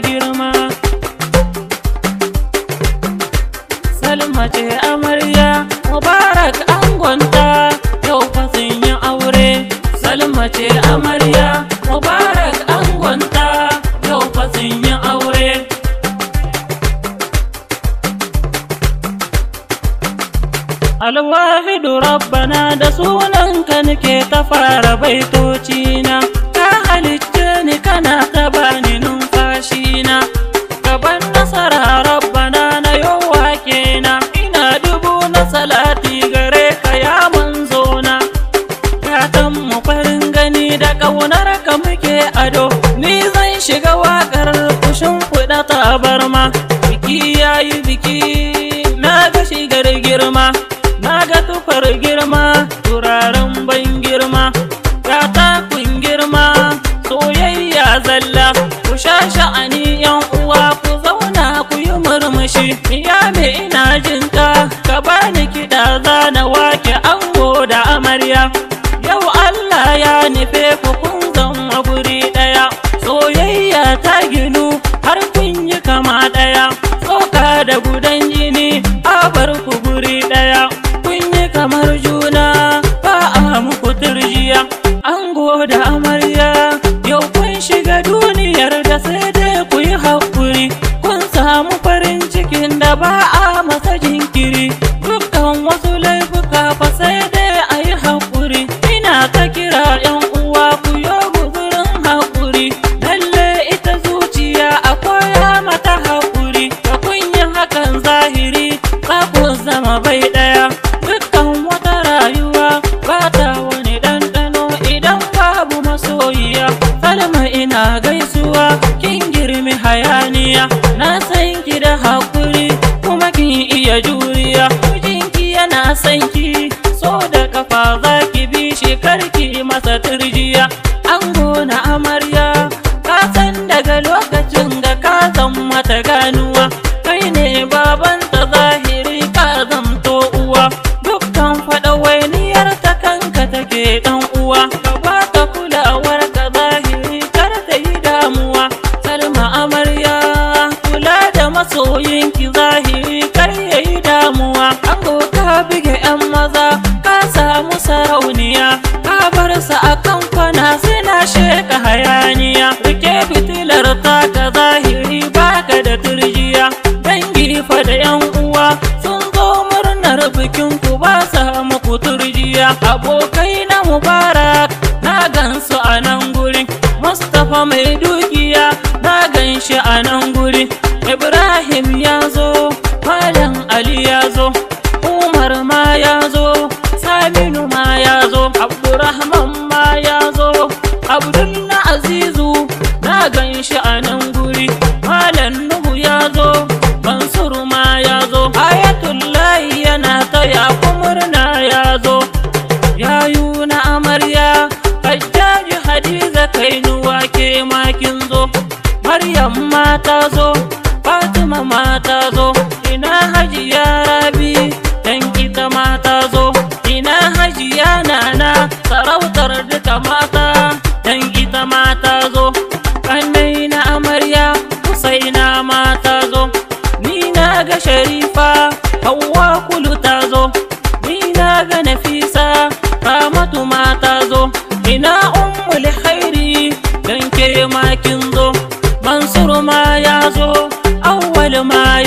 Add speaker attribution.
Speaker 1: girma salma ce amarya mubarak angonta yau fa sun yi aure salma ce amarya mubarak angonta yau fa sun yi aure alwahidu rabbana da sunanka nake ta fara baitocina ni zan shiga waƙar kushin kuɗa tabarma biki ya yi biki na ga shigar girma na ga tufar girma turaren ban girma katakun girma soyayya zalla ku sha sha'ani yan uwa ku zauna ku yi murmushi ya me ina ta. ka bani kiɗa zana wake ango da amarya yau Allah ya nufe ku shiga duk na san ki da hakuri kuma kin iya juriya mijinki yana san ki so da kafa za ki bi shi karki masa turjiya ka bige yan maza ka samu sarauniya ka bar su akan kwana suna sheka hayaniya rike fitilar ta ta zahiri baka da turjiya dangi fa da yan uwa sun zo murnar bikin ku ba su muku turjiya abokai na mubarak na gansu a nan guri mustapha mai dukiya na ganshi a nan guri ibrahim ya zo ke ma zo maryam ma ta zo fatima ma ta zo ina hajiya rabi dan ita ma ta zo ina hajiya nana sarautar duka mata ke ma zo mansur ma ya zo awwal ma